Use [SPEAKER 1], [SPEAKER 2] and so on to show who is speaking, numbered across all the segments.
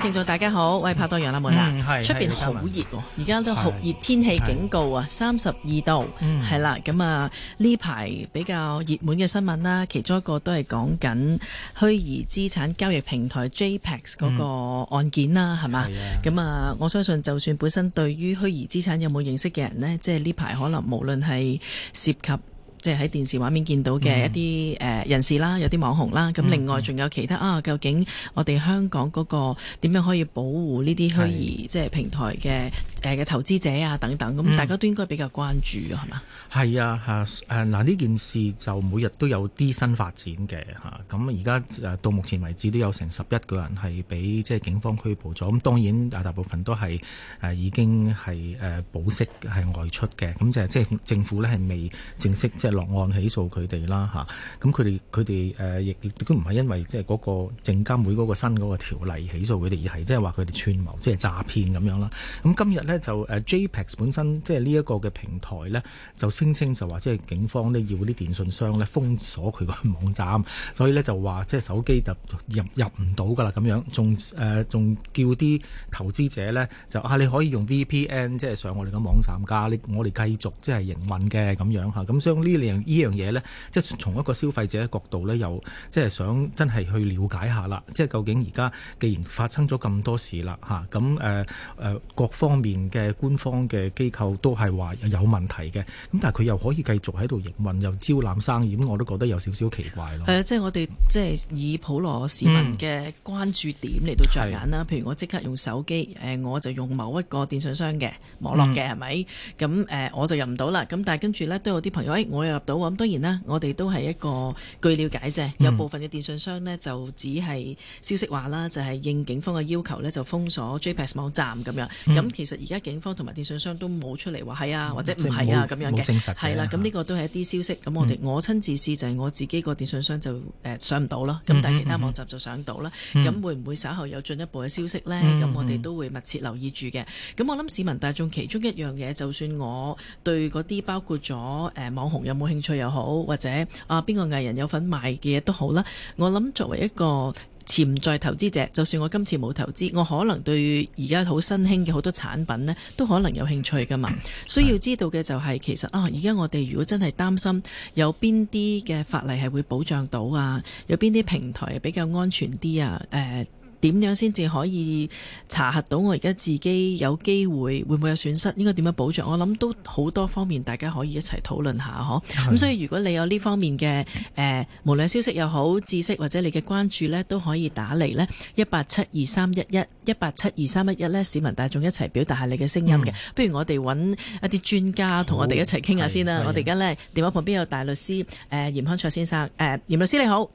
[SPEAKER 1] 聽眾大家好，喂，拍多樣啦，冇、嗯、啦，出邊好熱喎，而家都好熱，天氣警告啊，三十二度，係、嗯、啦，咁啊呢排比較熱門嘅新聞啦，其中一個都係講緊虛擬資產交易平台 JPEX 嗰個案件啦，係、嗯、嘛，咁啊，我相信就算本身對於虛擬資產有冇認識嘅人呢，即係呢排可能無論係涉及。即係喺電視畫面見到嘅一啲誒人士啦、嗯，有啲網紅啦。咁另外，仲有其他、嗯、啊，究竟我哋香港嗰個點樣可以保護呢啲虛擬，即係平台嘅？誒嘅投資者啊等等，咁大家都應該比較關注嘅係嘛？
[SPEAKER 2] 係、嗯、啊嚇誒嗱呢件事就每日都有啲新發展嘅嚇，咁而家到目前為止都有成十一個人係俾即係警方拘捕咗，咁、嗯、當然大部分都係誒、啊、已經係誒、啊、保釋係外出嘅，咁、啊、就係即係政府咧係未正式即係、即係、落案起訴佢哋啦嚇，咁佢哋佢哋誒亦亦都唔係因為即係嗰個證監會嗰個新嗰個條例起訴佢哋，而係即係話佢哋串謀即係、即係、詐騙咁樣啦，咁、啊嗯、今日。咧就誒 JPEX 本身即係呢一個嘅平台咧，就聲稱就話即係警方咧要啲電信商咧封鎖佢個網站，所以咧就話即係手機就入入唔到噶啦咁樣，仲誒仲叫啲投資者咧就啊你可以用 VPN 即係上我哋嘅網站加你，我哋繼續即係營運嘅咁樣吓，咁所以呢兩呢樣嘢咧，即係從一個消費者嘅角度咧，又即係想真係去了解下啦，即係究竟而家既然發生咗咁多事啦吓咁誒誒各方面。嘅官方嘅機構都係話有問題嘅，咁但係佢又可以繼續喺度營運又招攬生意，咁我都覺得有少少奇怪咯。係、
[SPEAKER 1] 呃、啊，即係我哋即係以普羅市民嘅關注點嚟到着眼啦，嗯。譬如我即刻用手機誒、呃、我就用某一個電信商嘅網絡嘅係咪？咁、嗯、誒、呃、我就入唔到啦。咁但係跟住咧都有啲朋友，誒、哎、我又入到。咁當然啦，我哋都係一個據了解啫。有部分嘅電信商咧就只係消息話啦，就係、是、應警方嘅要求咧就封鎖 JPEX 網站咁樣，咁、嗯、其實。而家警方同埋電信商都冇出嚟話係啊，或者唔係啊咁樣嘅，係啦。咁呢、啊、個都係一啲消息。咁、嗯、我哋我親自試就係我自己個電信商就誒、呃、上唔到咯。咁但係其他網站就上到啦。咁、嗯、會唔會稍後有進一步嘅消息呢？咁、嗯、我哋都會密切留意住嘅。咁我諗市民大眾其中一樣嘢，就算我對嗰啲包括咗誒、呃、網紅有冇興趣又好，或者啊邊個藝人有份賣嘅嘢都好啦。我諗作為一個。潛在投資者，就算我今次冇投資，我可能對而家好新興嘅好多產品呢都可能有興趣噶嘛。需要知道嘅就係，其實啊，而家我哋如果真係擔心有邊啲嘅法例係會保障到啊，有邊啲平台比較安全啲啊，呃點樣先至可以查核到我而家自己有機會會唔會有損失？應該點樣保障？我諗都好多方面，大家可以一齊討論下呵。咁所以如果你有呢方面嘅誒、呃、無論消息又好知識或者你嘅關注呢，都可以打嚟呢一八七二三一一一八七二三一一呢，市民大眾一齊表達下你嘅聲音嘅、嗯。不如我哋揾一啲專家同我哋一齊傾下先啦。我哋而家呢電話旁邊有大律師誒、呃、嚴康焯先生誒、呃、嚴律師你好。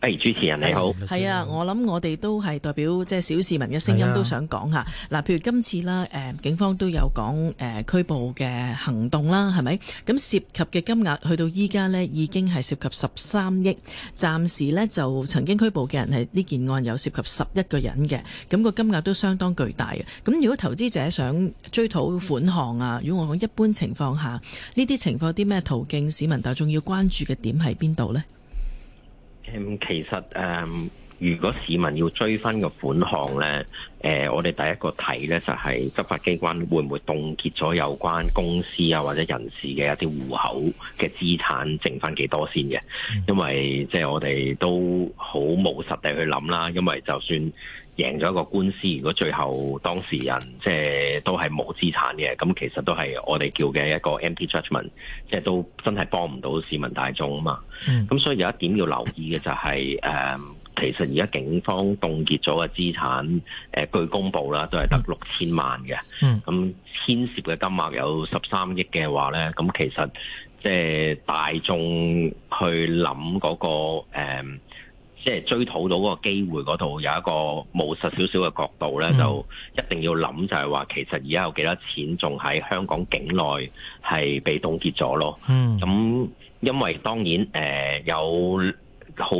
[SPEAKER 3] 誒，主持人你好。係啊，
[SPEAKER 1] 我諗我哋都係代表即係小市民嘅聲音，都想講下嗱。譬如今次啦，誒，警方都有講誒、呃、拘捕嘅行動啦，係咪？咁涉及嘅金額去到依家呢已經係涉及十三億。暫時呢就曾經拘捕嘅人係呢件案有涉及十一個人嘅，咁、那個金額都相當巨大。咁如果投資者想追討款項啊，如果我講一般情況下呢啲情況啲咩途徑，市民大眾要關注嘅點係邊度呢？
[SPEAKER 3] 嗯、其實誒、嗯，如果市民要追翻個款項呢，誒、呃，我哋第一個睇呢，就係、是、執法機關會唔會凍結咗有關公司啊或者人士嘅一啲戶口嘅資產剩的，剩翻幾多先嘅？因為即係我哋都好務實地去諗啦，因為就算，贏咗一個官司，如果最後當事人即係都係冇資產嘅，咁其實都係我哋叫嘅一個 empty judgment 即係都真係幫唔到市民大眾啊嘛。咁、嗯、所以有一點要留意嘅就係、是，誒、嗯，其實而家警方凍結咗嘅資產，誒據公佈啦，都係得六千萬嘅。咁、嗯、牽涉嘅金額有十三億嘅話咧，咁其實即係大眾去諗嗰、那個、嗯即係追討到嗰個機會嗰度有一個務實少少嘅角度咧、嗯，就一定要諗就係話，其實而家有幾多錢仲喺香港境內係被凍結咗咯。咁、嗯嗯、因為當然誒、呃、有好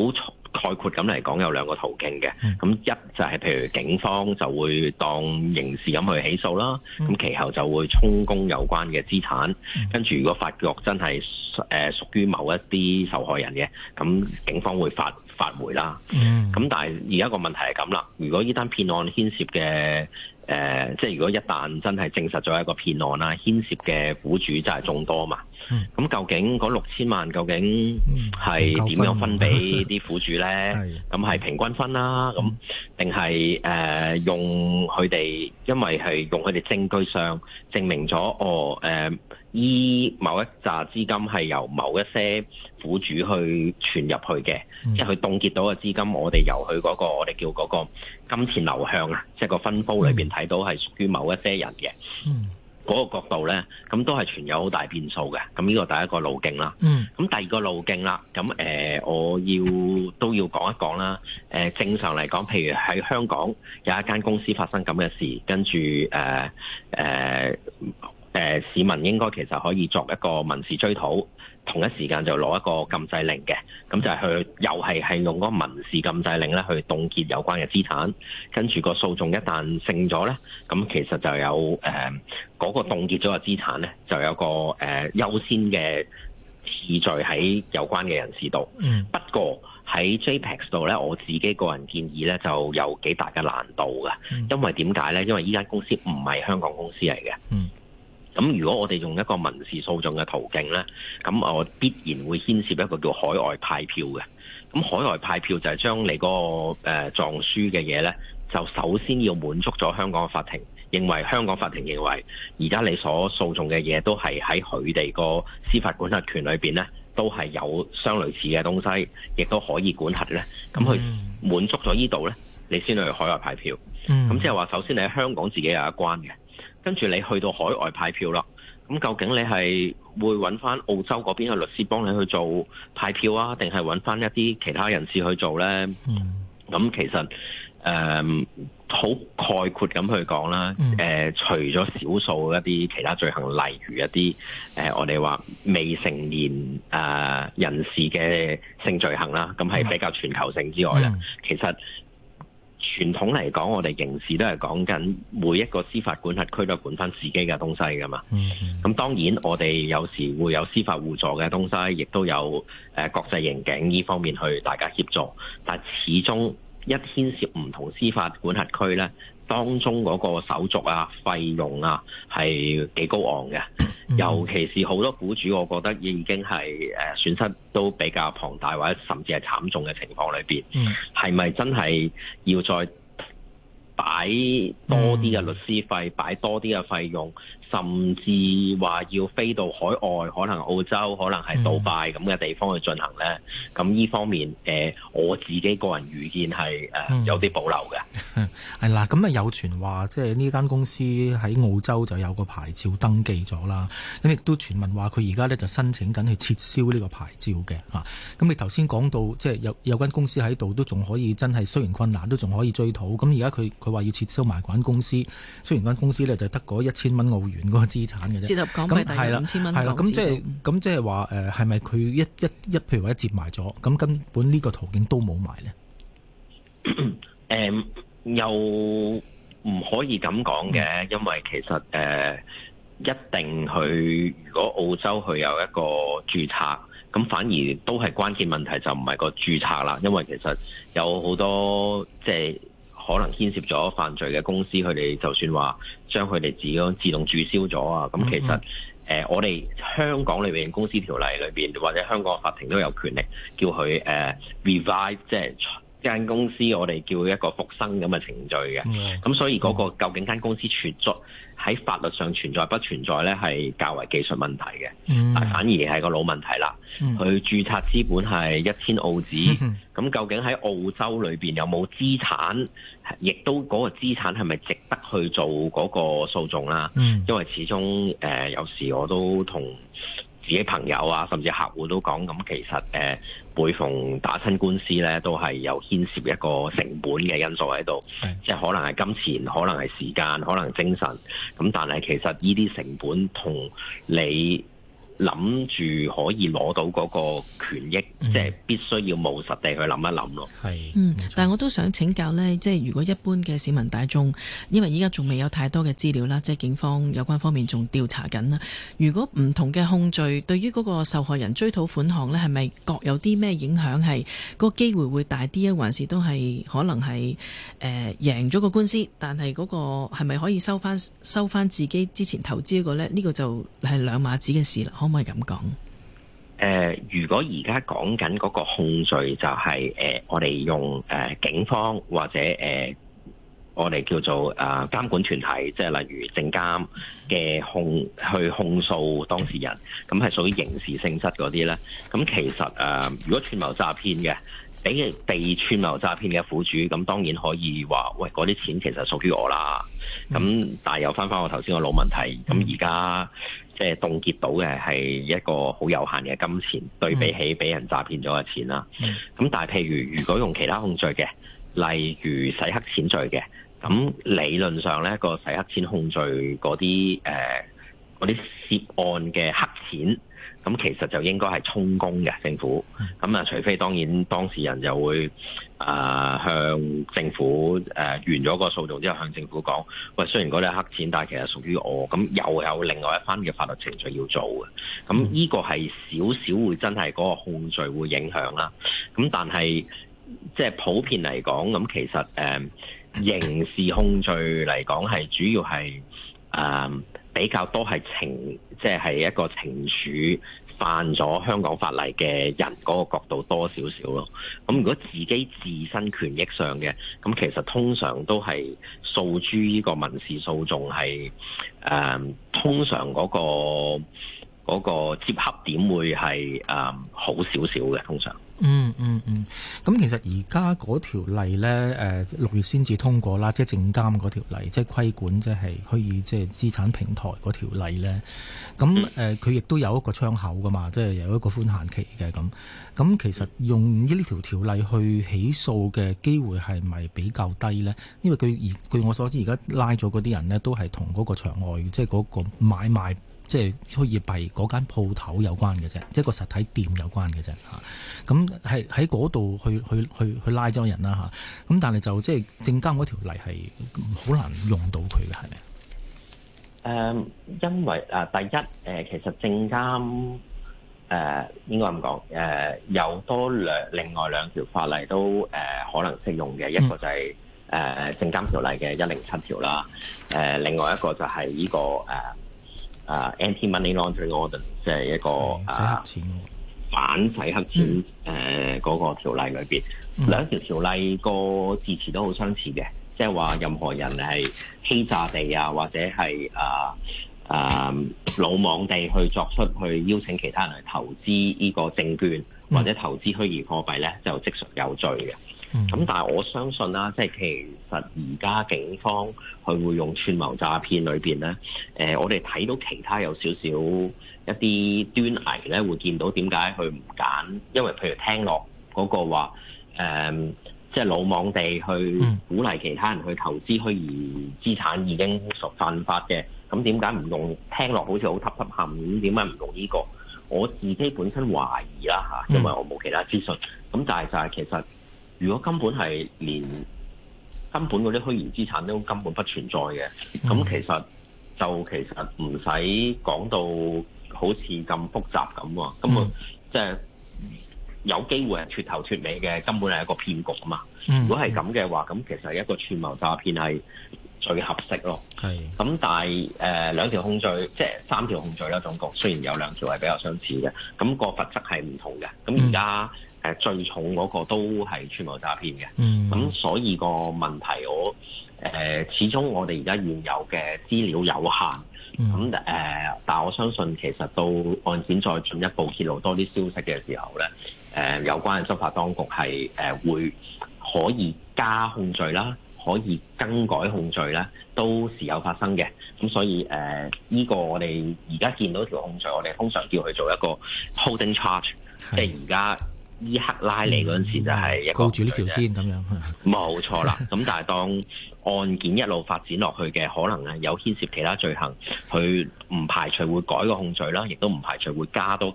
[SPEAKER 3] 概括咁嚟講，有兩個途徑嘅。咁、嗯嗯嗯、一就係譬如警方就會當刑事咁去起訴啦，咁、嗯嗯、其後就會充公有關嘅資產。嗯、跟住如果發覺真係誒屬於某一啲受害人嘅，咁、嗯、警方會發，發回啦，咁但係而家個問題係咁啦，如果呢單騙案牽涉嘅誒、呃，即係如果一旦真係證實咗一個騙案啦，牽涉嘅苦主就係眾多嘛，咁、嗯、究竟嗰六千萬究竟係點樣分俾啲苦主咧？咁係平均分啦，咁定係誒用佢哋，因為係用佢哋證據上證明咗哦誒。哦呃依某一扎資金係由某一些苦主去傳入去嘅，即係佢凍結到嘅資金，我哋由佢嗰、那個我哋叫嗰個金錢流向啊，即、就、係、是、個分佈裏面睇到係屬於某一些人嘅嗰、嗯那個角度呢。咁都係存有好大變數嘅。咁呢個第一個路徑啦，咁、嗯、第二個路徑啦，咁誒、呃，我要都要講一講啦。呃、正常嚟講，譬如喺香港有一間公司發生咁嘅事，跟住誒誒。呃呃誒市民應該其實可以作一個民事追討，同一時間就攞一個禁制令嘅，咁就係去又係係用嗰個民事禁制令咧去凍結有關嘅資產，跟住個訴訟一旦勝咗咧，咁其實就有誒嗰、呃那個凍結咗嘅資產咧就有個誒、呃、優先嘅次序喺有關嘅人士度。嗯，不過喺 JPEX 度咧，我自己個人建議咧就有幾大嘅難度嘅，因為點解咧？因為依間公司唔係香港公司嚟嘅。嗯。咁如果我哋用一個民事訴訟嘅途徑咧，咁我必然會牽涉一個叫海外派票嘅。咁海外派票就係將你、那個誒狀、呃、書嘅嘢咧，就首先要滿足咗香港嘅法庭認為香港法庭認為，而家你所訴訟嘅嘢都係喺佢哋個司法管轄權裏邊咧，都係有相類似嘅東西，亦都可以管轄咧。咁佢滿足咗呢度咧，你先去海外派票。咁即係話，首先你喺香港自己有一關嘅。跟住你去到海外派票啦，咁究竟你係會揾翻澳洲嗰邊嘅律師幫你去做派票啊，定係揾翻一啲其他人士去做咧？咁、嗯、其實誒，好、嗯、概括咁去講啦，誒、嗯呃，除咗少數一啲其他罪行，例如一啲誒、呃，我哋話未成年誒、呃、人士嘅性罪行啦，咁係比較全球性之外啦、嗯嗯，其實。傳統嚟講，我哋刑事都係講緊每一個司法管轄區都係管返自己嘅東西㗎嘛。咁當然我哋有時會有司法互助嘅東西，亦都有誒、呃、國際刑警呢方面去大家協助。但係始終一牽涉唔同司法管轄區呢。當中嗰個手續啊、費用啊係幾高昂嘅，尤其是好多苦主，我覺得已經係誒、呃、損失都比較龐大，或者甚至係慘重嘅情況裏邊，係、嗯、咪真係要再擺多啲嘅律師費，嗯、擺多啲嘅費用？甚至話要飛到海外，可能澳洲，可能係杜拜咁嘅地方去進行咧。咁、嗯、呢方面，誒、呃、我自己個人預見係誒、呃嗯、有啲
[SPEAKER 4] 保留嘅。
[SPEAKER 2] 係 啦，咁啊有傳話，即係呢間公司喺澳洲就有個牌照登記咗啦。咁亦都傳聞話，佢而家咧就申請緊去撤銷呢個牌照嘅吓。咁、啊、你頭先講到，即係有有間公司喺度都仲可以真係雖然困難都仲可以追討，咁而家佢佢話要撤銷埋嗰間公司，雖然間公司咧就得嗰一千蚊澳元。嗰個資產嘅啫，折合港幣第二五千蚊。係啦，咁即係咁即係話誒，係咪佢一一一，譬如話一折埋咗，咁根本呢個途徑都冇埋咧？
[SPEAKER 3] 誒、 嗯，又唔可以咁講嘅，因為其實誒、呃，一定佢如果澳洲佢有一個註冊，咁反而都係關鍵問題，就唔係個註冊啦。因為其實有好多即係。就是可能牽涉咗犯罪嘅公司，佢哋就算話將佢哋自己自動註銷咗啊，咁其實誒、mm -hmm. 呃、我哋香港裏面公司條例裏面，或者香港法庭都有權力叫佢誒 revive 即係間公司我哋叫一個復生咁嘅程序嘅，咁、mm -hmm. 所以嗰個究竟間公司存在，喺法律上存在不存在呢？係較為技術問題嘅，啊、mm.，反而係個老問題啦。佢、mm. 註冊資本係一千澳紙，咁 究竟喺澳洲裏邊有冇資產，亦都嗰個資產係咪值得去做嗰個訴訟啦？Mm. 因為始終誒、呃，有時我都同。自己朋友啊，甚至客戶都講，咁其實誒，呃，每逢打親官司咧，都係有牽涉一個成本嘅因素喺度，即係可能係金錢，可能係時間，可能精神。咁但係其實呢啲成本同你。諗住可以攞到嗰個權益，嗯、即係必須要務實地去諗一諗咯。係，嗯，
[SPEAKER 1] 但係我都想請教呢，即係如果一般嘅市民大眾，因為依家仲未有太多嘅資料啦，即係警方有關方面仲調查緊啦。如果唔同嘅控罪對於嗰個受害人追討款項呢，係咪各有啲咩影響？係嗰個機會會大啲啊，還是都係可能係誒、呃、贏咗個官司，但係嗰個係咪可以收翻收翻自己之前投資嗰個呢？呢、呢個就係兩碼子嘅事啦。可唔可以咁講？
[SPEAKER 3] 誒、呃，如果而家講緊嗰個控罪，就是，就係誒，我哋用誒、呃、警方或者誒、呃、我哋叫做誒監、呃、管團體，即係例如證監嘅控去控訴當事人，咁係屬於刑事性質嗰啲咧。咁其實誒、呃，如果串謀詐騙嘅，俾被、被串謀詐騙嘅苦主，咁當然可以話喂，嗰啲錢其實屬於我啦。咁但係又翻翻我頭先個老問題，咁而家。嗯即係凍結到嘅係一個好有限嘅金錢，對比起俾人詐騙咗嘅錢啦。咁但係，譬如如果用其他控罪嘅，例如洗黑錢罪嘅，咁理論上呢個洗黑錢控罪嗰啲誒嗰啲涉案嘅黑錢，咁其實就應該係充公嘅政府。咁啊，除非當然當事人就會。啊、呃，向政府誒、呃、完咗個訴訟之後，向政府講，喂，雖然嗰啲黑錢，但係其實屬於我，咁又有另外一番嘅法律程序要做嘅，咁呢個係少少會真係嗰個控罪會影響啦。咁但係即係普遍嚟講，咁其實誒、呃、刑事控罪嚟講係主要係誒、呃、比較多係懲，即係係一個懲處。犯咗香港法例嘅人嗰個角度多少少咯，咁如果自己自身權益上嘅，咁其實通常都係訴諸呢個民事訴訟係，誒、嗯、通常嗰個嗰個接合點會係誒、嗯、好少少
[SPEAKER 2] 嘅通常。嗯嗯嗯，咁、嗯嗯嗯、其實而家嗰條例咧，誒、呃、六月先至通過啦，即係證監嗰條例，即係規管，即係虛擬即係資產平台嗰條例咧。咁、嗯、誒，佢、呃、亦都有一個窗口噶嘛，即係有一個寬限期嘅咁。咁其實用呢條條例去起訴嘅機會係咪比較低咧？因為佢而據我所知，而家拉咗嗰啲人咧，都係同嗰個場外，即係嗰個買賣，即係虛擬幣嗰間鋪頭有關嘅啫，即係個實體店有關嘅啫嚇。咁係喺嗰度去去去去拉咗人啦咁、啊、但係就即係證監嗰條例係好難用到佢嘅，係咪？
[SPEAKER 3] 因為、啊、第一其實證監誒、啊、應該咁講、啊、有多兩另外兩條法例都、啊、可能適用嘅、嗯，一個就係、是、誒、啊、證監條例嘅一零七條啦、啊。另外一個就係呢、這個、啊啊、uh、anti-money laundering order 即係一個洗黑錢啊反洗黑錢誒嗰、mm. 呃那個條例裏面，兩條條例個字詞都好相似嘅，即係話任何人係欺詐地啊，或者係啊啊魯莽地去作出去邀請其他人去投資呢個證券、mm. 或者投資虛擬貨幣咧，就即屬有罪嘅。咁、嗯，但係我相信啦，即係其實而家警方佢會用串謀詐騙裏邊咧、呃，我哋睇到其他有少少一啲端倪咧，會見到點解佢唔揀？因為譬如聽落嗰個話，即、嗯、係、就是、魯莽地去鼓勵其他人去投資虛擬資產已經屬犯法嘅，咁點解唔用聽落好似好吸吸冚？點解唔用呢、這個？我自己本身懷疑啦嚇，因為我冇其他資訊，咁但係就係其實。如果根本係連根本嗰啲虛擬資產都根本不存在嘅，咁、嗯、其實就其實唔使講到好似咁複雜咁喎、啊，咁啊即係有機會係脱頭脱尾嘅，根本係一個騙局啊嘛、嗯。如果係咁嘅話，咁其實一個串謀詐騙係最合適咯。係咁，但係誒、呃、兩條控罪，即係三條控罪啦，總共雖然有兩條係比較相似嘅，咁、那個罰則係唔同嘅。咁而家。嗯最重嗰個都係串謀詐騙嘅，咁、嗯、所以個問題我、呃、始終我哋而家現有嘅資料有限，
[SPEAKER 5] 咁、
[SPEAKER 3] 呃嗯、但我相信其實到案件再進一步揭露多啲消息嘅時候咧、呃，有關嘅執法當局係誒、呃、會可以加控罪啦，可以更改控罪咧，都時有發生嘅。咁所以誒，依、呃呢個我哋而家見到條控罪，我哋通常叫佢做一個 holding charge，即係而家。依克拉嚟嗰陣時就
[SPEAKER 2] 係一個控罪
[SPEAKER 3] 啫、嗯，冇 錯啦。咁但係當案件一路發展落去嘅，可能係有牽涉其他罪行，佢唔排除會改個控罪啦，亦都唔排除會加多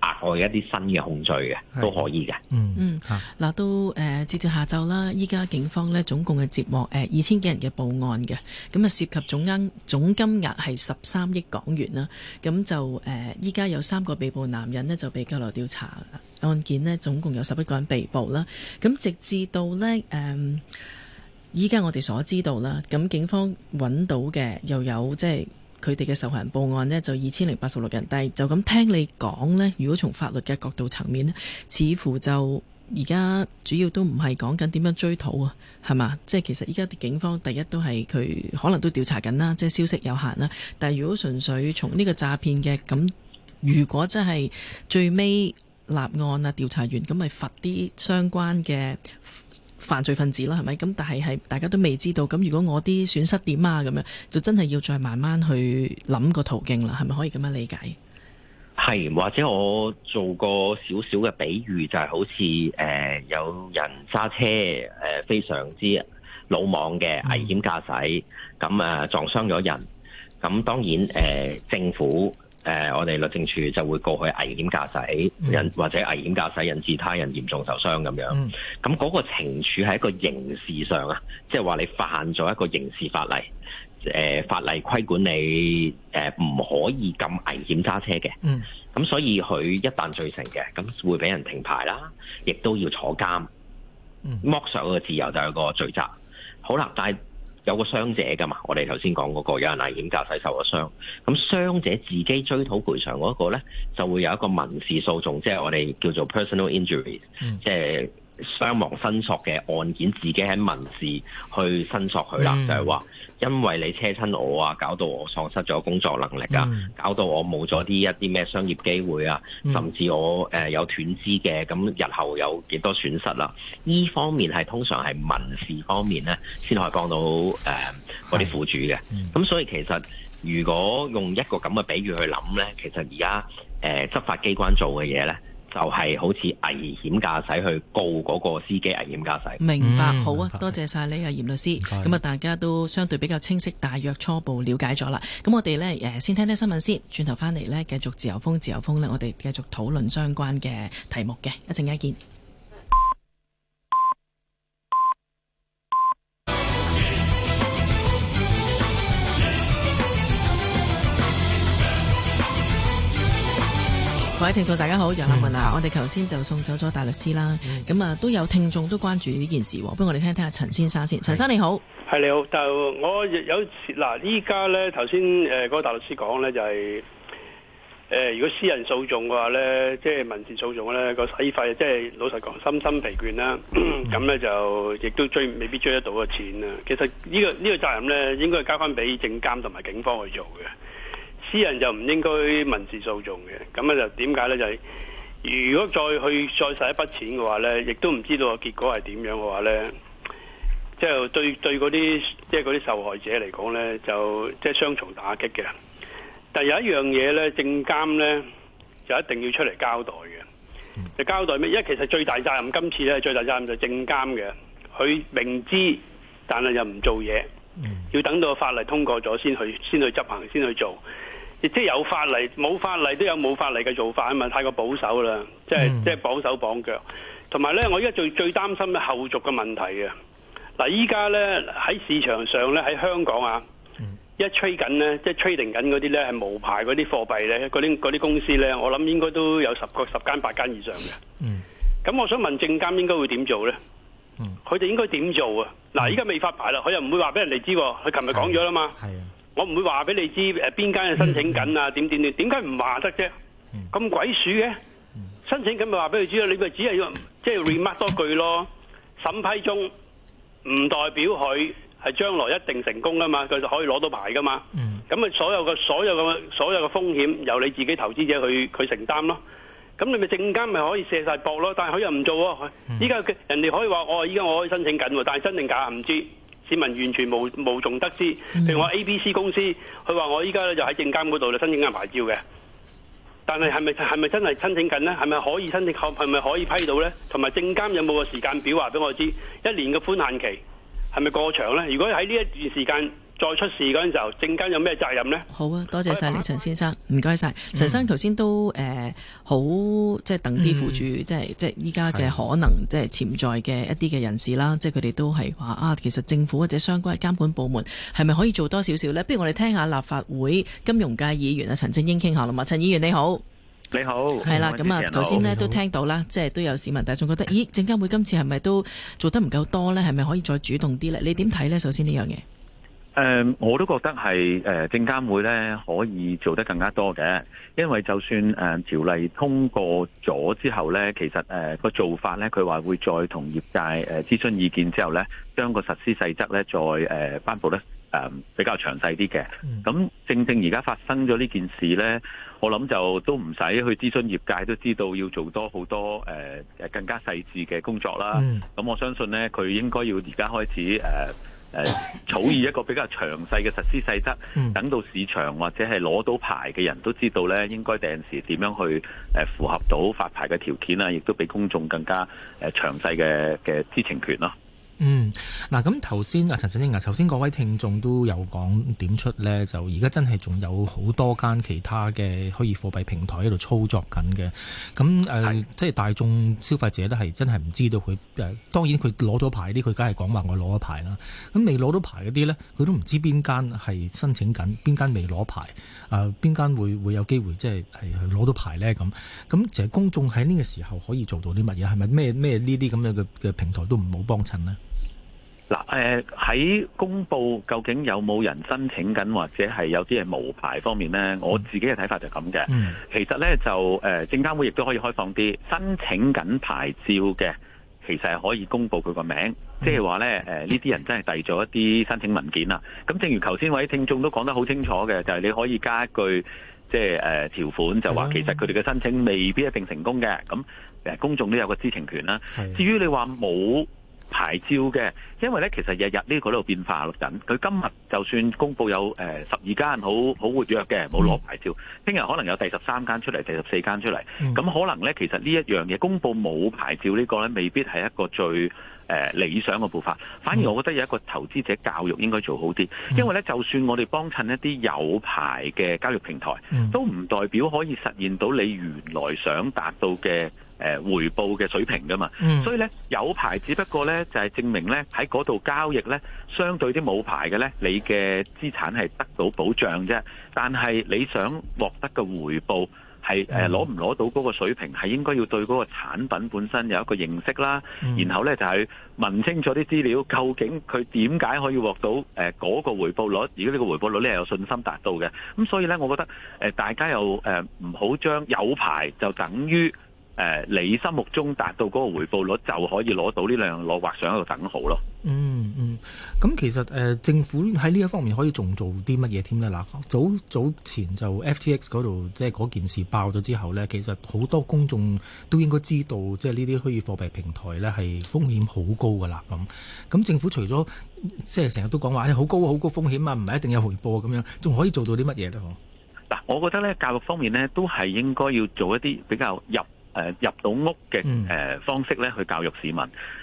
[SPEAKER 3] 額外一啲新嘅控罪嘅，都可以嘅。嗯、
[SPEAKER 1] 啊、嗯，嗱都誒，截、呃、至下晝啦，依家警方咧總共係接獲誒二千幾人嘅報案嘅，咁啊涉及總金金額係十三億港元啦。咁就誒，依、呃、家有三個被捕男人呢，就被扣留調查啦。案件呢，總共有十一個人被捕啦。咁直至到呢，誒、嗯，依家我哋所知道啦。咁警方揾到嘅又有，即係佢哋嘅受害人報案呢，就二千零八十六人。但係就咁聽你講呢，如果從法律嘅角度層面呢，似乎就而家主要都唔係講緊點樣追討啊，係嘛？即係其實依家警方第一都係佢可能都調查緊啦，即係消息有限啦。但係如果純粹從呢個詐騙嘅咁，如果真係最尾。立案啊，調查員咁咪罰啲相關嘅犯罪分子啦，係咪？咁但係係大家都未知道，咁如果我啲損失點啊，咁樣就真係要再慢慢去諗個途徑啦，係咪可以咁樣理解？
[SPEAKER 3] 係或者我做過少少嘅比喻，就係、是、好似誒、呃、有人揸車誒、呃、非常之魯莽嘅危險駕駛，咁、呃、啊撞傷咗人，咁當然誒政府。誒、呃，我哋律政處就會告佢危險駕駛，引或者危險駕駛引致他人嚴重受傷咁樣。咁嗰個懲處係一個刑事上啊，即係話你犯咗一個刑事法例，呃、法例規管你誒唔、呃、可以咁危險揸車嘅。咁所以佢一旦罪成嘅，咁會俾人停牌啦，亦都要坐監，嗯、剝削我嘅自由就係個罪責。好啦，但係。有個傷者㗎嘛？我哋頭先講嗰個有人危險駕駛受咗傷，咁傷者自己追討賠償嗰個呢，就會有一個民事訴訟，即係我哋叫做 personal injury，、嗯、即係傷亡申索嘅案件，自己喺民事去申索佢啦、嗯，就係、是、話。因為你車親我啊，搞到我喪失咗工作能力啊、嗯，搞到我冇咗啲一啲咩商業機會啊、嗯，甚至我有斷肢嘅，咁日後有幾多損失啦？呢方面係通常係民事方面咧，先可以幫到誒嗰啲苦主嘅。咁、嗯、所以其實如果用一個咁嘅比喻去諗咧，其實而家誒執法機關做嘅嘢咧。就係、是、好似危險駕駛去告嗰個司機危險駕駛。明白，好啊，
[SPEAKER 1] 多謝晒你、嗯、啊，嚴律師。咁啊，啊，啊，大家都相對比較清晰，大約初步了解咗啦。咁我哋呢，先聽聽新聞先，轉頭翻嚟呢，繼續自由風自由風呢，我哋繼續討論相關嘅題目嘅，一陣間見。各位聽眾大家好，楊立文啊、嗯，我哋頭先就送走咗大律師啦，咁啊都有聽眾都關注呢件事，不如我哋聽聽阿陳先生先。陳生你好，
[SPEAKER 4] 係你好，但我有次嗱，依家，咧頭先誒嗰個大律師講咧就係、是、誒、呃，如果私人訴訟嘅話咧，即、就、係、是、民事訴訟咧個使費、就是，即係老實講，心心疲倦啦，咁、嗯、咧 就亦都追未必追得到嘅錢啊。其實呢、這個呢、這個責任咧，應該係交翻俾證監同埋警方去做嘅。私人就唔應該民事訴訟嘅，咁啊就點解呢？就係、是、如果再去再使一筆錢嘅話呢，亦都唔知道個結果係點樣嘅話呢。即、就、係、是、對對嗰啲即係啲受害者嚟講呢，就即係、就是、雙重打擊嘅。但係有一樣嘢呢，證監呢就一定要出嚟交代嘅，就交代咩？因為其實最大責任今次呢最大責任就係證監嘅，佢明知但係又唔做嘢、嗯，要等到法例通過咗先去先去執行先去做。即係有法例，冇法例都有冇法例嘅做法啊嘛！太過保守啦，即係、嗯、即係綁手綁腳。同埋咧，我而家最最擔心咧後續嘅問題嘅，嗱，依家咧喺市場上咧喺香港啊，嗯、一吹緊咧，即係吹定緊嗰啲咧係無牌嗰啲貨幣咧，嗰啲啲公司咧，我諗應該都有十個十間八間以上嘅。嗯，咁我想問證監應該會點做咧？嗯，佢哋應該點做啊？嗱，依家未發牌啦，佢又唔會話俾人哋知喎。佢琴日講咗啦嘛。係啊。我唔會話俾你知誒，邊間嘅申請緊啊點點點，點解唔話得啫？咁鬼鼠嘅申請緊咪話俾你知咯，你咪只係要即係 remark 多句咯。審批中唔代表佢係將來一定成功噶嘛，佢就可以攞到牌噶嘛。咁、嗯、咪所有嘅所有嘅所有嘅風險由你自己投資者去佢承擔咯。咁你咪證監咪可以卸晒膊咯，但係佢又唔做喎。依家人哋可以話我依家我可以申請緊，但係真定假唔知。市民完全無無從得知，譬如我 A B C 公司，佢話我依家咧就喺證監嗰度咧申請緊牌照嘅，但係係咪係咪真係申請緊呢？係咪可以申請？係咪可以批到呢？同埋證監有冇個時間表話俾我知？一年嘅寬限期係咪過長呢？如果喺呢一段時間，再出事嗰陣
[SPEAKER 1] 時候，證監有咩責任呢？好啊，多謝晒你，陳先生，唔該晒。陳、啊嗯、生頭先都誒、呃，好即係等啲扶住，即係、嗯、即係依家嘅可能潛，即係潛在嘅一啲嘅人士啦。即係佢哋都係話啊，其實政府或者相關監管部門係咪可以做多少少呢？不如我哋聽下立法會金融界議員啊，陳振英傾下啦嘛。陳議員你好，
[SPEAKER 2] 你好，係啦。咁、嗯、啊，頭、嗯、先、嗯嗯、呢、嗯、都聽
[SPEAKER 1] 到啦，即係都有市民，但係仲覺得咦，證監會今次係咪都做得唔夠多呢？係咪可以再主動啲呢？你點睇呢？首先呢樣嘢？
[SPEAKER 6] 誒、um,，我都覺得係誒、呃，證監會咧，可以做得更加多嘅，因為就算誒、呃、條例通過咗之後咧，其實誒個、呃、做法咧，佢話會再同業界誒、呃、諮詢意見之後咧，將個實施細則咧再誒、呃、頒布得誒、呃、比較詳細啲嘅。咁、mm. 正正而家發生咗呢件事咧，我諗就都唔使去諮詢業界都知道要做多好多誒誒、呃、更加細緻嘅工作啦。咁、mm. 我相信咧，佢應該要而家開始誒。呃誒 草擬一個比較詳細嘅實施細則、嗯，等到市場或者係攞到牌嘅人都知道呢，應該第時點樣去符合到發牌嘅條件啦、啊，亦都俾公眾更加誒詳細嘅嘅知情權咯、啊。嗯。
[SPEAKER 2] 嗱，咁頭先阿陳振英啊，頭先各位聽眾都有講點出咧，就而家真係仲有好多間其他嘅虛擬貨幣平台喺度操作緊嘅。咁誒，即、呃、係大眾消費者都係真係唔知道佢誒、啊。當然佢攞咗牌啲，佢梗係講話我攞咗牌啦。咁未攞到牌嗰啲咧，佢都唔知邊間係申請緊，邊間未攞牌，誒、呃、邊間會會有機會即係攞到牌咧？咁咁，其實公眾喺呢個時候可以做到啲乜嘢？係咪咩咩呢啲咁樣嘅嘅平台都唔好幫襯呢？嗱，誒、呃、
[SPEAKER 6] 喺公布究竟有冇人申請緊，或者係有啲係無牌方面咧，我自己嘅睇法就咁嘅、嗯。其實咧就誒、呃，證監會亦都可以開放啲申請緊牌照嘅，其實係可以公布佢個名，即係話咧呢啲、呃、人真係遞咗一啲申請文件啦。咁正如頭先位聽眾都講得好清楚嘅，就係、是、你可以加一句，即係誒條款就話其實佢哋嘅申請未必一定成功嘅，咁、呃、公眾都有個知情權啦、啊。至於你話冇。牌照嘅，因為咧其實日日呢個都變化緊。佢今日就算公布有誒十二間好好活躍嘅，冇攞牌照。聽、嗯、日可能有第十三間出嚟，第十四間出嚟。咁、嗯、可能咧，其實呢一樣嘢公布冇牌照個呢個咧，未必係一個最誒、呃、理想嘅步伐、嗯。反而我覺得有一個投資者教育應該做好啲。因為咧、嗯，就算我哋幫襯一啲有牌嘅交易平台，嗯、都唔代表可以實現到你原來想達到嘅。誒回報嘅水平㗎嘛，mm. 所以咧有牌，只不過咧就係證明咧喺嗰度交易咧，相對啲冇牌嘅咧，你嘅資產係得到保障啫。但係你想獲得嘅回報，係攞唔攞到嗰個水平，係應該要對嗰個產品本身有一個認識啦。然後咧就係問清楚啲資料，究竟佢點解可以獲到誒嗰個回報率？如果呢個回報率呢，係有信心達到嘅，咁所以咧，我覺得大家又誒唔好將有牌就等於。誒，你心目中達到嗰個回報率就可以攞到呢兩攞畫上一個等號咯。嗯嗯，
[SPEAKER 2] 咁、嗯、其實誒、呃，政府喺呢一方面可以仲做啲乜嘢添呢？嗱，早早前就 F T X 嗰度即係嗰件事爆咗之後呢，其實好多公眾都應該知道，即係呢啲虛擬貨幣平台呢係風險好高噶啦咁。咁政府除咗即係成日都講話好高好高風險啊，唔係一定有回報咁樣，仲可以做到啲乜嘢呢？嗬？嗱，
[SPEAKER 6] 我覺得呢教育方面呢，都係應該要做一啲比較入。誒入到屋嘅方式咧，去教育市民。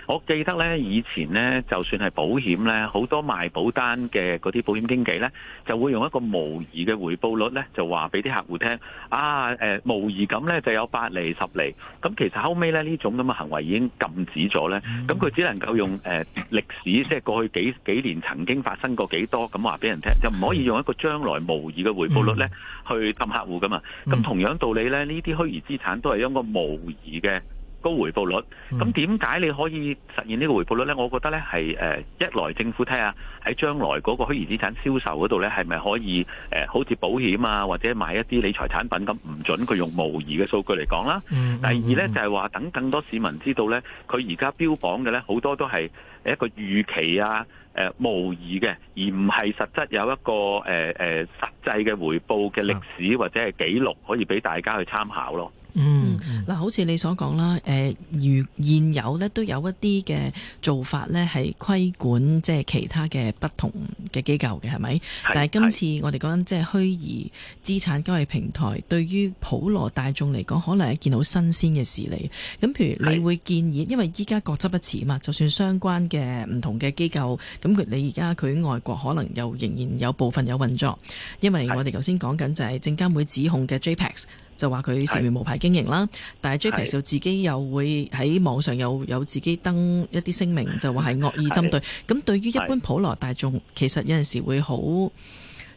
[SPEAKER 6] 我記得呢，以前呢，就算係保險呢，好多賣保單嘅嗰啲保險經紀呢，就會用一個模擬嘅回報率呢，就話俾啲客戶聽啊，誒模擬咁呢就有八釐十釐，咁其實後尾呢，呢種咁嘅行為已經禁止咗呢，咁佢只能夠用誒歷史，即係過去幾幾年曾經發生過幾多，咁話俾人聽就唔可以用一個將來模擬嘅回報率呢去氹客戶噶嘛，咁同樣道理呢，呢啲虛擬資產都係一個模擬嘅。高回報率，咁點解你可以實現呢個回報率呢？我覺得呢係誒一來政府睇下喺將來嗰個虛擬資產銷售嗰度呢，係咪可以誒、呃、好似保險啊或者買一啲理財產品咁唔準佢用模擬嘅數據嚟講啦、嗯嗯。第二呢，就係、是、話等更多市民知道呢，佢而家標榜嘅呢，好多都係一個預期啊誒、呃、模擬嘅，而唔係實質有一個誒誒、呃、實際嘅回報嘅歷史、嗯、或者係紀錄可以俾大家去參考咯。
[SPEAKER 1] Mm -hmm. 嗯，嗱，好似你所講啦，誒、呃，如現有咧都有一啲嘅做法咧，係規管即係其他嘅不同嘅機構嘅，係咪？但係今次我哋講緊即係虛擬資產交易平台，對於普羅大眾嚟講，可能係一件好新鮮嘅事嚟。咁譬如你會建議，因為依家各執一詞嘛，就算相關嘅唔同嘅機構，咁佢你而家佢外國可能又仍然有部分有運作，因為我哋頭先講緊就係證監會指控嘅 JPEX。就話佢涉嫌無牌經營啦，但係 JPEX 自己又會喺網上有有自己登一啲聲明，就話係惡意針對。咁對於一般普羅大眾，其實有陣時會好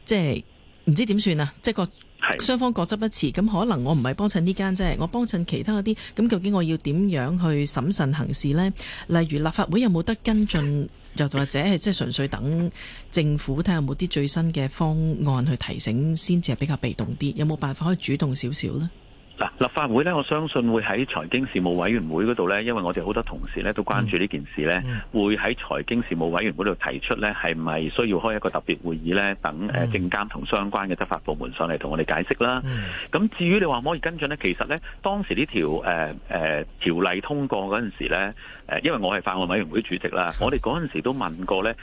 [SPEAKER 1] 即係唔知點算啊！即係個。雙方各執一詞，咁可能我唔係幫襯呢間啫，我幫襯其他嗰啲，咁究竟我要點樣去審慎行事呢？例如立法會有冇得跟進，又或者係即係純粹等政府睇下有冇啲最新嘅方案去提醒，先至係比較被動啲，有冇辦法可以主動少少呢？
[SPEAKER 6] 立法會咧，我相信會喺財經事務委員會嗰度咧，因為我哋好多同事咧都關注呢件事咧、嗯嗯，會喺財經事務委員會度提出咧，係咪需要開一個特別會議咧？等誒證監同相關嘅執法部門上嚟同我哋解釋啦。咁、嗯嗯、至於你話可以跟進咧，其實咧當時呢條誒誒、呃、條例通過嗰陣時咧，因為我係法案委員會主席啦，我哋嗰陣時都問過咧，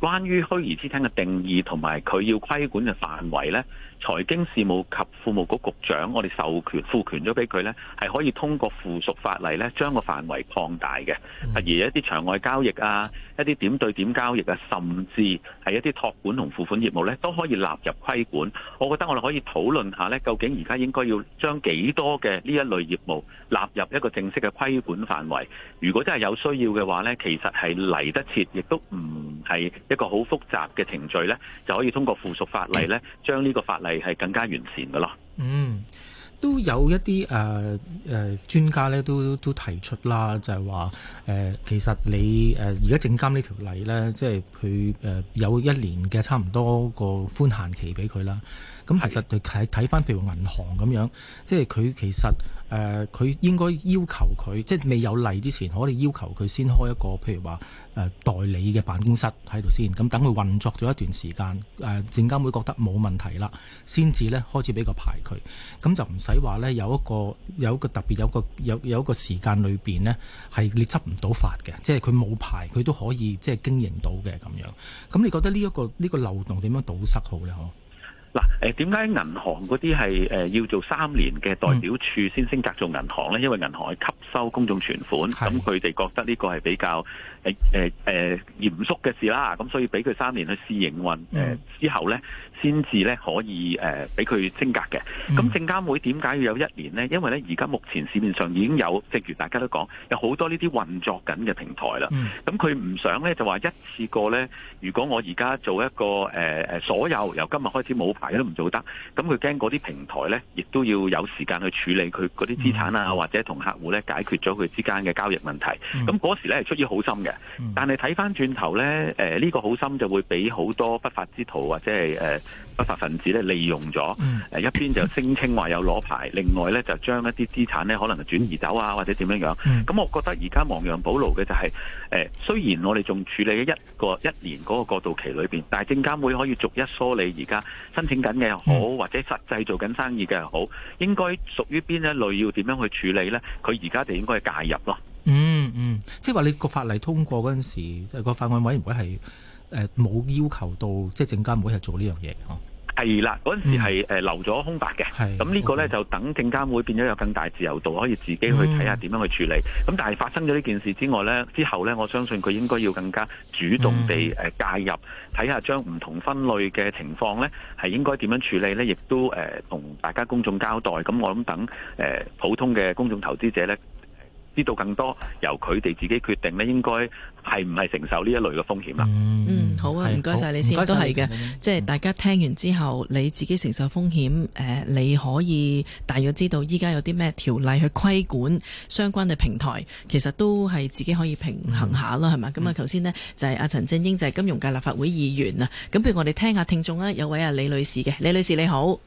[SPEAKER 6] 關於虛擬資產嘅定義同埋佢要規管嘅範圍咧。財經事務及庫務局局長，我哋授權賦權咗俾佢咧，係可以通過附屬法例咧，將個範圍擴大嘅。而一啲場外交易啊，一啲點對點交易啊，甚至係一啲託管同付款業務咧，都可以納入規管。我覺得我哋可以討論下咧，究竟而家應該要將幾多嘅呢一類業務納入一個正式嘅規管範圍，如果真係有需要嘅話咧，其實係嚟得切，亦都唔係一個好複雜嘅程序咧，就可以通過附屬法例咧，將呢個法例。係更加完
[SPEAKER 2] 善噶咯。嗯，都有一啲誒誒專家咧都都提出啦，就係話誒其實你誒而家證監呢條例咧，即係佢誒有一年嘅差唔多個寬限期俾佢啦。咁其實睇翻，譬如銀行咁樣，即係佢其實誒，佢、呃、應該要求佢，即係未有例之前，我哋要求佢先開一個譬如話誒、呃、代理嘅辦公室喺度先，咁等佢運作咗一段時間，誒證監會覺得冇問題啦，先至咧開始俾個牌佢。咁就唔使話咧，有一個有一個特別有個有有一個時間裏面呢係你執唔到法嘅，即係佢冇牌佢都可以即係經營到嘅咁樣。咁你覺得呢、呢、一個呢、呢個漏洞點樣堵塞好咧？好
[SPEAKER 6] 嗱，誒點解銀行嗰啲係誒要做三年嘅代表處先升格做銀行咧？因為銀行係吸收公眾存款，咁佢哋覺得呢個係比較誒誒、呃呃、嚴肅嘅事啦，咁所以俾佢三年去試營運、嗯、之後咧。先至咧可以誒俾佢升格嘅。咁證監會點解要有一年呢？因為咧而家目前市面上已經有，正如大家都講，有好多呢啲運作緊嘅平台啦。咁佢唔想咧就話一次過咧。如果我而家做一個誒、呃、所有由今日開始冇牌都唔做得，咁佢驚嗰啲平台咧，亦都要有時間去處理佢嗰啲資產啊，嗯、或者同客戶咧解決咗佢之間嘅交易問題。咁、嗯、嗰時咧係出於好心嘅，但係睇翻轉頭咧，呢、呃呢個好心就會俾好多不法之徒或者係不法分子咧利用咗，誒一邊就聲稱話有攞牌，嗯，另外咧就將一啲資產咧可能轉移走啊，或者點樣樣。咁、嗯、我覺得而家亡羊補牢嘅就係、是，誒雖然我哋仲處理一個一年嗰個過渡期裏邊，但係證監會可以逐一梳理而家申請緊嘅又好，或者實際做緊生意嘅又好，應該屬於邊一類要點樣去處理咧？佢而家就應該介入
[SPEAKER 2] 咯。嗯嗯，即係話你個法例通過嗰陣時，即係個法案委員會係。冇要求到，即係證監會係做呢樣嘢，
[SPEAKER 6] 係啦，嗰陣時係誒留咗空白嘅。係、嗯。咁呢個咧就等證監會變咗有更大自由度，可以自己去睇下點樣去處理。咁、嗯、但係發生咗呢件事之外咧，之後咧，我相信佢應該要更加主動地誒介入，睇、嗯、下將唔同分類嘅情況咧，係應該點樣處理咧，亦都誒同、呃、大家公眾交代。咁我諗等誒、呃、普通嘅公眾投資者咧。知道更多由佢哋自己決定咧，應該係唔係承受呢一類嘅風險啦？嗯，
[SPEAKER 1] 好啊，唔該晒。唔該晒你先唔該晒你先，都係嘅。即係、就是、大家聽完之後，嗯，你自己承受風險誒、呃，你可以大約知道依家有啲咩條例去規管相關嘅平台，其實都係自己可以平衡一下啦，係、嗯、嘛？咁啊，頭先咧就係、是、阿陳振英，就係、是、金融界立法會議員啊。咁譬如我哋聽一下聽眾啊，有位啊李女士嘅，李女士你好。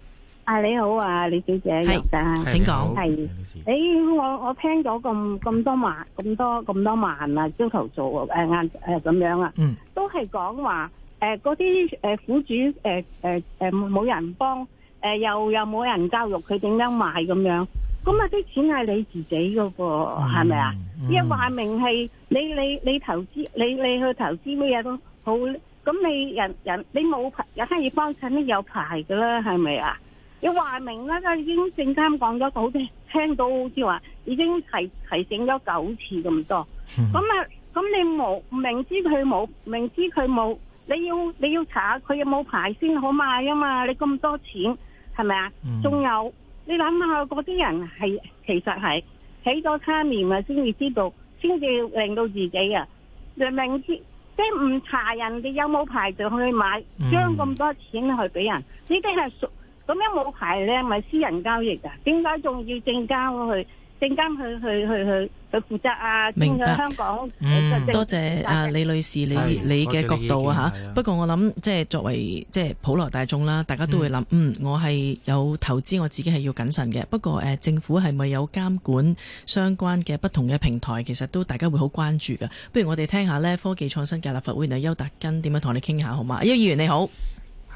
[SPEAKER 5] 啊你好啊李小姐，係啊，請講。係，誒我我聽咗咁咁多萬咁多咁多萬啊，朝頭早誒晏誒咁樣啊，嗯都係講話誒嗰啲誒苦主誒誒誒冇人幫，誒又又冇人教育佢點樣賣咁樣，咁啊啲錢係你自己噶噃，係咪啊？因為話明係你你你投資，你你去投資乜嘢都好，咁你，你，你人人你冇有生意幫襯，你有排噶啦，係咪啊？你話明啦，就已經正啱講咗，好聽到好似話已經提提醒咗九次咁多。咁、嗯、啊，咁你冇明知佢冇明知佢冇，你要你要查下佢有冇牌先好買啊嘛！你咁多錢係咪啊？仲、嗯、有你諗下嗰啲人係其實係起咗差面啊，先至知道，先至令到自己啊明知即係唔查人，你有冇牌就去買，將咁多錢去俾人，呢啲係屬。.咁樣冇牌咧，咪私人交易啊？
[SPEAKER 1] 點解仲要證監去證監去去去去去，去負責啊？明白香港、嗯、多謝啊李女士，你你嘅角度啊嚇。不過我諗即係作為即係普羅大眾啦，大家都會諗嗯、嗯，我係有投資，我自己係要謹慎嘅。不過誒，政府係咪有監管相關嘅不同嘅平台？其實都大家會好關注㗎。不如我哋聽下呢科技創新界立法會議員邱達根點樣同你傾下好嗎？邱議員你好。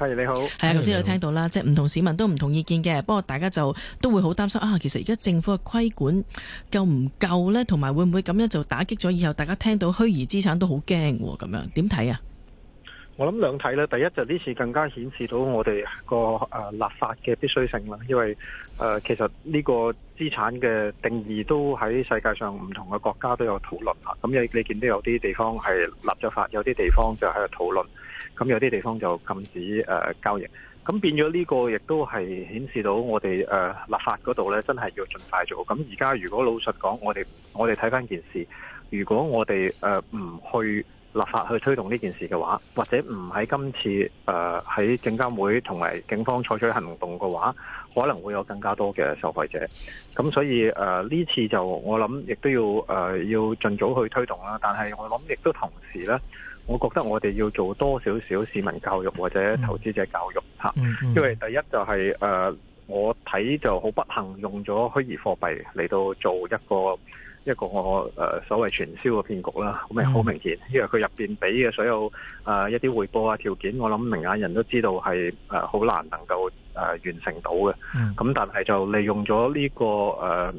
[SPEAKER 7] 係、hey, 你好，係啊！頭先都聽
[SPEAKER 1] 到啦，即係唔同市民都唔同意見嘅，不過大家就都會好擔心啊！其實而家政府嘅規管夠唔夠呢？同埋會唔會咁樣就打擊咗以後，大家聽到虛擬資產都好驚嘅咁樣，點睇啊？
[SPEAKER 7] 我諗兩睇呢。第一就呢、是、次更加顯示到我哋個誒立法嘅必須性啦，因為誒、呃、其實呢個資產嘅定義都喺世界上唔同嘅國家都有討論啊，咁你你見到有啲地方係立咗法，有啲地方就喺度討論。咁有啲地方就禁止、呃、交易，咁變咗呢個亦都係顯示到我哋、呃、立法嗰度咧，真係要盡快做。咁而家如果老實講，我哋我哋睇翻件事，如果我哋、呃、唔去立法去推動呢件事嘅話，或者唔喺今次、呃、喺證監會同埋警方採取行動嘅話，可能會有更加多嘅受害者。咁所以、呃、呢次就我諗亦都要、呃、要盡早去推動啦。但係我諗亦都同時咧。我覺得我哋要做多少少市民教育或者投資者教育、嗯、因為第一就係、是、誒、uh, 我睇就好不幸用咗虛擬貨幣嚟到做一個一個我、uh, 所謂傳銷嘅騙局啦，好、嗯、明好明顯，因為佢入面俾嘅所有誒、uh, 一啲回報啊條件，我諗明眼人都知道係誒好難能夠誒、uh, 完成到嘅，咁、嗯、但係就利用咗呢、這個誒誒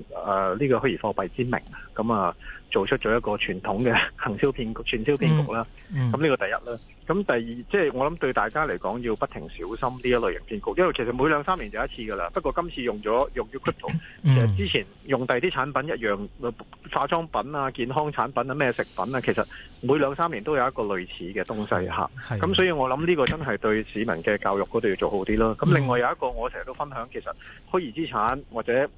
[SPEAKER 7] 呢個虛擬貨幣之名，咁、嗯、啊～、uh, 做出咗一個傳統嘅行銷騙局、傳銷騙局啦，
[SPEAKER 5] 咁、嗯、
[SPEAKER 7] 呢、嗯這個第一啦。咁第二，即、就、係、是、我諗對大家嚟講，要不停小心呢一類型騙局，因為其實每兩三年就一次噶啦。不過今次用咗用於 crypto 其、嗯、u、呃、之前用第啲產品一樣，化妝品啊、健康產品啊、咩食品啊，其實每兩三年都有一個類似嘅東西咁、啊、所以我諗呢個真係對市民嘅教育嗰度要做好啲咯。咁、嗯、另外有一個，我成日都分享，其實虛擬資產或者。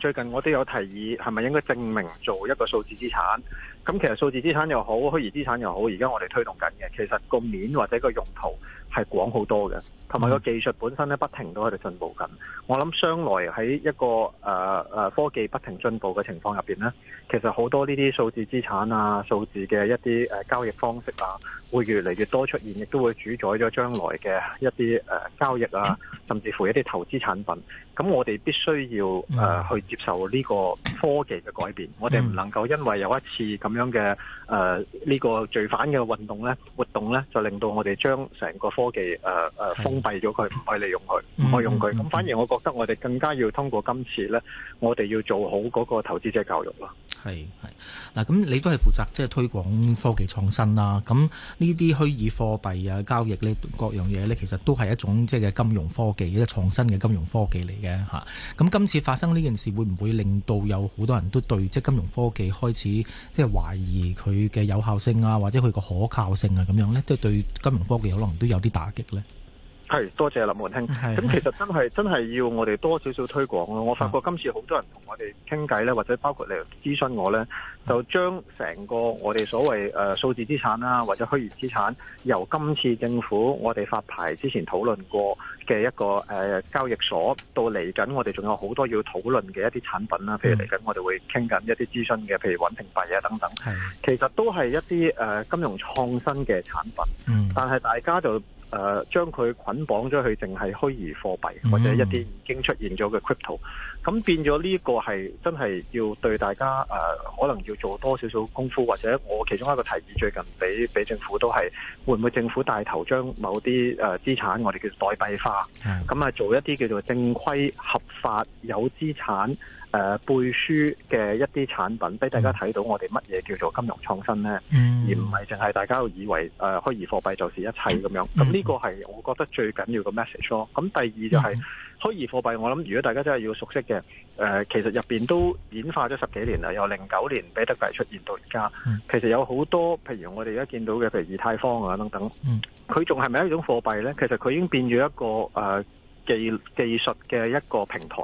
[SPEAKER 7] 最近我都有提議，係咪應該證明做一個數字資產？噉其實數字資產又好，虛擬資產又好，而家我哋推動緊嘅，其實個面或者個用途。係廣好多嘅，同埋個技術本身咧，不停都喺度進步緊。我諗將來喺一個誒、呃、科技不停進步嘅情況入面，咧，其實好多呢啲數字資產啊、數字嘅一啲交易方式啊，會越嚟越多出現，亦都會主宰咗將來嘅一啲、呃、交易啊，甚至乎一啲投資產品。咁我哋必須要誒、呃、去接受呢個科技嘅改變。我哋唔能夠因為有一次咁樣嘅誒呢個罪犯嘅運動咧活動咧，就令到我哋將成個科技誒誒，封閉咗佢，唔可以利用佢，唔可以用佢。咁反而我覺得我哋更加要通過今次咧，我哋要做好嗰個投資者教育咯。.
[SPEAKER 2] 係係嗱，咁你都係負責即係推廣科技創新啦。咁呢啲虛擬貨幣啊，交易呢各樣嘢呢，其實都係一種即係金融科技即係創新嘅金融科技嚟嘅吓。咁今次發生呢件事，會唔會令到有好多人都對即係金融科技開始即係懷疑佢嘅有效性啊，或者佢個可靠性啊咁樣呢，即係都對金融科技可能都有啲打擊呢。
[SPEAKER 7] 係，多謝林門興。咁其實真係真係要我哋多少少推廣咯。我發覺今次好多人同我哋傾偈呢，或者包括嚟諮詢我呢，就將成個我哋所謂誒數字資產啦，或者虛擬資產，由今次政府我哋發牌之前討論過嘅一個誒、呃、交易所，到嚟緊我哋仲有好多要討論嘅一啲產品啦。譬如嚟緊我哋會傾緊一啲諮詢嘅，譬如穩定幣啊等等。其實都係一啲誒、呃、金融創新嘅產品。嗯，但係大家就。誒、呃、將佢捆綁咗去，淨係虛擬貨幣，或者一啲已經出現咗嘅 crypto，咁變咗呢個係真係要對大家誒、呃，可能要做多少少功夫，或者我其中一個提議，最近俾俾政府都係會唔會政府帶頭將某啲誒、呃、資產，我哋叫做代幣化，咁啊做一啲叫做正規合法有資產。誒、呃，背書嘅一啲產品，俾大家睇到我哋乜嘢叫做金融創新呢？嗯、而唔係淨係大家以為誒，虛擬貨幣就是一切咁樣。咁、嗯、呢個係我覺得最緊要嘅 message 咯。咁第二就係虛擬貨幣，我諗如果大家真係要熟悉嘅，誒、呃，其實入邊都演化咗十幾年啦，由零九年比特幣出現到而家、嗯，其實有好多譬如我哋而家見到嘅，譬如以太坊啊等等，佢仲係咪一種貨幣呢？其實佢已經變咗一個誒。呃技技術嘅一個平台，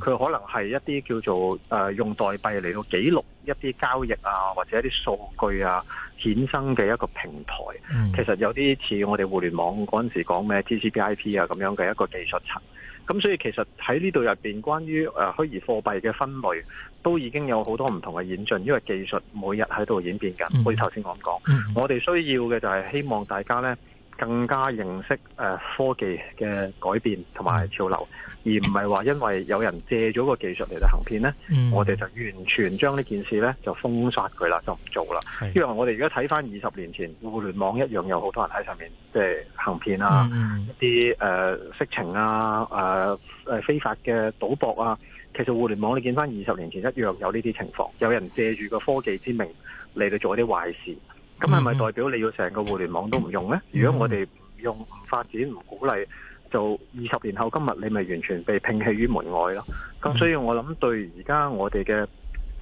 [SPEAKER 7] 佢可能係一啲叫做誒、呃、用代幣嚟到記錄一啲交易啊，或者一啲數據啊衍生嘅一個平台。嗯、其實有啲似我哋互聯網嗰陣時講咩 T C P I P 啊咁樣嘅一個技術層。咁所以其實喺呢度入邊，關於誒虛擬貨幣嘅分類，都已經有好多唔同嘅演進，因為技術每日喺度演變緊。好似頭先我講講，我哋需要嘅就係希望大家呢，更加認識誒、呃、科技嘅改變同埋潮流，mm. 而唔係話因為有人借咗個技術嚟到行騙呢、mm. 我哋就完全將呢件事呢就封殺佢啦，就唔做啦。Mm. 因為我哋而家睇翻二十年前互聯網一樣有好多人喺上面即係、就是、行騙啊，mm. 一啲誒、呃、色情啊、誒、呃、誒非法嘅賭博啊，其實互聯網你見翻二十年前一樣有呢啲情況，有人借住個科技之名嚟到做一啲壞事。咁係咪代表你要成個互聯網都唔用呢？如果我哋唔用、唔發展、唔鼓勵，就二十年後今日你咪完全被摒棄於門外咯。咁所以，我諗對而家我哋嘅。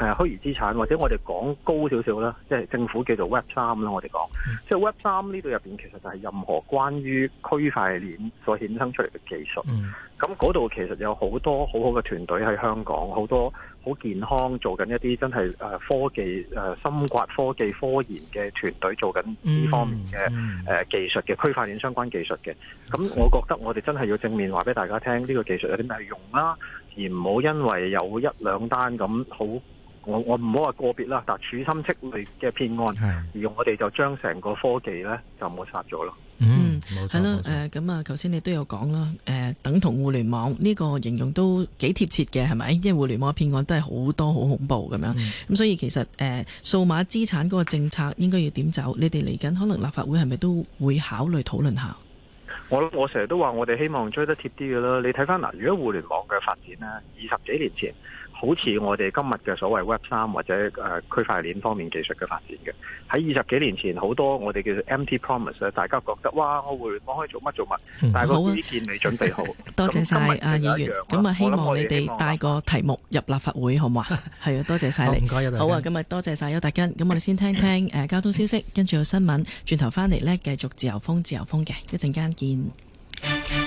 [SPEAKER 7] 誒、啊、虛擬資產，或者我哋講高少少啦，即、就、係、是、政府叫做 Web 三啦，我哋講，嗯、即係 Web 三呢度入邊其實就係任何關於區塊鏈所衍生出嚟嘅技術。咁嗰度其實有很多很好多好好嘅團隊喺香港，好多好健康做緊一啲真係誒科技誒深掘科技科研嘅團隊做緊呢方面嘅誒、嗯嗯呃、技術嘅區塊鏈相關技術嘅。咁我覺得我哋真係要正面話俾大家聽，呢個技術有啲咩用啦、啊，而唔好因為有一兩單咁好。我我唔好話個別啦，但係處心積慮嘅騙案，而我哋就將成個科技呢，就抹殺咗咯。嗯，
[SPEAKER 1] 係、嗯、啦，誒，咁啊，頭先、呃、你都有講啦，誒、呃，等同互聯網呢、這個形容都幾貼切嘅，係咪？因為互聯網嘅騙案都係好多好恐怖咁、嗯、樣，咁、嗯、所以其實誒，數碼資產嗰個政策應該要點走？你哋嚟緊可能立法會係咪都會考慮討論下？
[SPEAKER 7] 我我成日都話我哋希望追得貼啲嘅啦，你睇翻嗱，如果互聯網嘅發展咧，二十幾年前。好似我哋今日嘅所謂 Web 三或者誒區塊鏈方面技術嘅發展嘅，喺二十幾年前好多我哋叫 Empty Promise 大家覺得哇，我會我可以做乜做乜，但個軟件未準備好。嗯，好啊、 多謝晒阿
[SPEAKER 1] 議員，咁啊希望你哋帶個題目入立法會好唔好啊？係 啊，多謝晒你、哦、你。好啊，咁啊， 多謝晒邱達根。咁 我哋先聽聽誒交通消息，跟住有新聞，轉頭翻嚟咧繼續自由風自由風嘅，一陣間見。